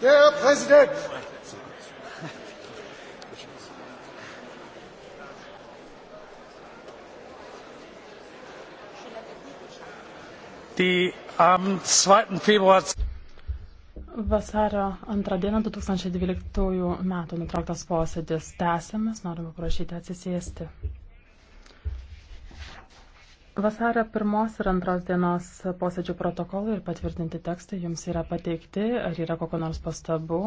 Herr Präsident! Vasario 2 dieną 2012 metų nutrauktas posėdis tęsiamas. Noriu paprašyti atsisėsti. Vasario pirmos ir antros dienos posėdžių protokolai ir patvirtinti tekstai jums yra pateikti. Ar yra kokio nors pastabų?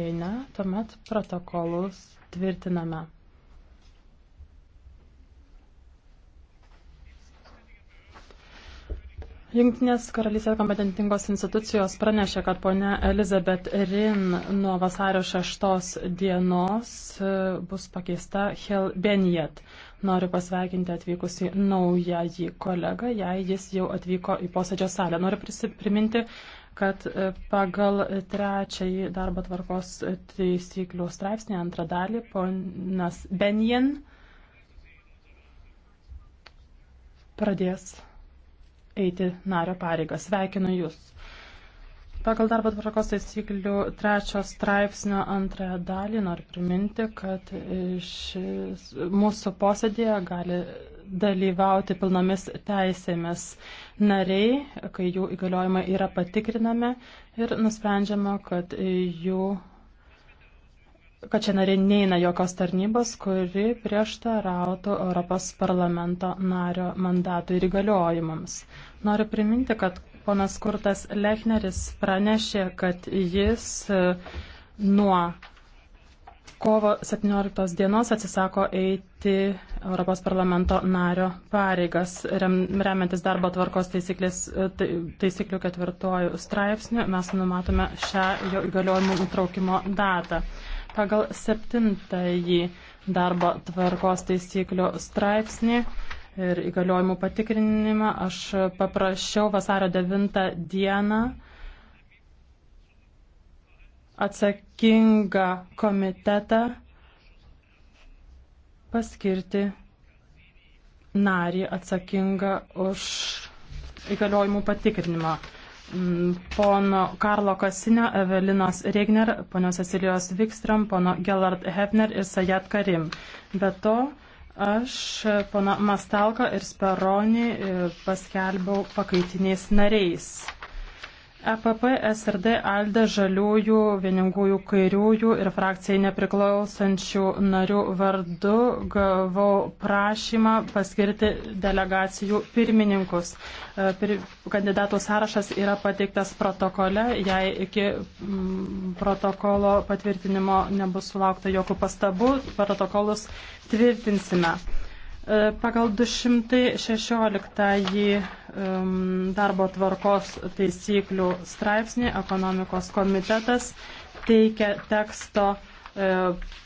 Jei ne, tuomet protokolus tvirtiname. Junktinės karalystės kompetentingos institucijos pranešė, kad ponia Elizabeth Rin nuo vasario 6 dienos e, bus pakeista Hel Benjet. Noriu pasveikinti atvykusi naująjį kolegą, jei jis jau atvyko į posėdžio salę. Noriu priminti, kad e, pagal trečiąjį darbo tvarkos teisyklių straipsnį antrą dalį ponas Benjen pradės eiti nario pareigas. Sveikinu Jūs. Pagal darbo tvarkos taisyklių trečio straipsnio antrąją dalį noriu priminti, kad šis, mūsų posėdėje gali dalyvauti pilnomis teisėmis nariai, kai jų įgaliojimai yra patikrinami ir nusprendžiama, kad jų kad čia nariai neina jokios tarnybos, kuri prieštarautų Europos parlamento nario mandatui ir įgaliojimams. Noriu priminti, kad ponas Kurtas Lechneris pranešė, kad jis e, nuo kovo 17 dienos atsisako eiti Europos parlamento nario pareigas. Remiantis darbo tvarkos e, tai, taisyklių ketvirtojų straipsnių, mes numatome šią jo įgaliojimų nutraukimo datą pagal septintąjį darbo tvarkos taisyklių straipsnį ir įgaliojimų patikrinimą. Aš paprašiau vasario 9 dieną atsakingą komitetą paskirti narį atsakingą už įgaliojimų patikrinimą. Mm, pono Karlo Kasinio, Evelinos Regner, ponios Cecilijos Vikstrom, pono Gellard Hefner ir Sajat Karim. Be to, Aš, pana Mastalka ir Speroni, e, paskelbiau pakaitiniais nariais. EPP, SRD, ALDE, Žaliųjų, Vieningųjų kairiųjų ir frakcijai nepriklausančių narių vardu gavau prašymą paskirti delegacijų pirmininkus. E, kandidatų sąrašas yra pateiktas protokole. Jei iki mm, protokolo patvirtinimo nebus sulaukta jokių pastabų, protokolus tvirtinsime. E, pagal 216 darbo tvarkos taisyklių straipsnį ekonomikos komitetas teikia teksto e,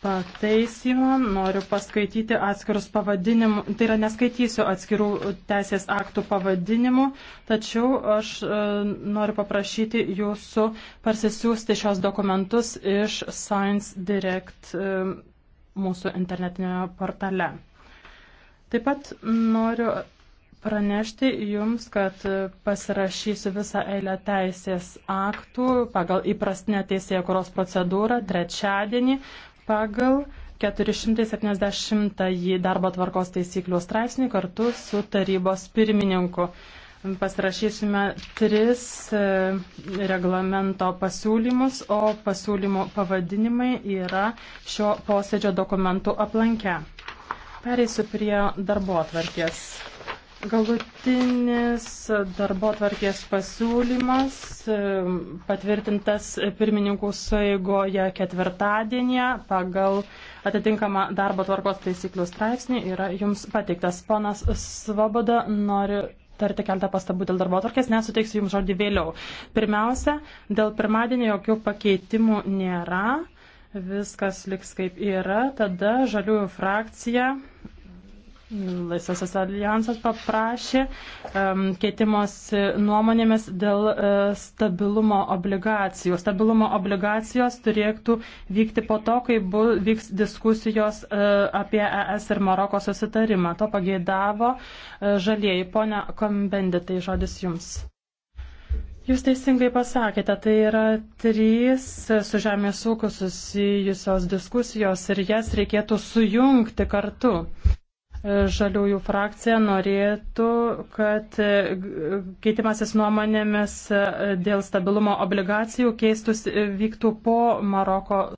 pataisimą. Noriu paskaityti atskirus pavadinimus, tai yra neskaitysiu atskirų teisės aktų pavadinimų, tačiau aš e, noriu paprašyti jūsų parsisiųsti šios dokumentus iš Science Direct mūsų internetinėme portale. Taip pat noriu pranešti Jums, kad pasirašysiu visą eilę teisės aktų pagal įprastinę teisėje kuros procedūrą trečiadienį pagal 470 darbo tvarkos taisyklių straipsnį kartu su tarybos pirmininku. Pasirašysime tris e, reglamento pasiūlymus, o pasiūlymų pavadinimai yra šio posėdžio dokumentų aplankę. Pereisiu prie darbo atvarkės. Galutinis darbo atvarkės pasiūlymas e, patvirtintas pirmininkų sueigoje ketvirtadienį pagal atitinkamą darbo tvarkos taisyklių straipsnį yra jums pateiktas. Ponas Svoboda nori tarti keltą pastabų dėl darbo atvarkės, nesuteiksiu jums žodį vėliau. Pirmiausia, dėl pirmadienio jokių pakeitimų nėra viskas liks kaip yra, tada žaliųjų frakcija Laisvasis alijansas paprašė um, keitimos nuomonėmis dėl uh, stabilumo obligacijų. Stabilumo obligacijos turėtų vykti po to, kai bu, vyks diskusijos uh, apie ES ir Maroko susitarimą. To pageidavo uh, žalieji. Pone Kombenditai, žodis jums. Jūs teisingai pasakėte, tai yra trys su žemės ūkiu susijusios diskusijos ir jas reikėtų sujungti kartu. Žaliųjų frakcija norėtų, kad keitimasis nuomonėmis dėl stabilumo obligacijų keistus vyktų po Maroko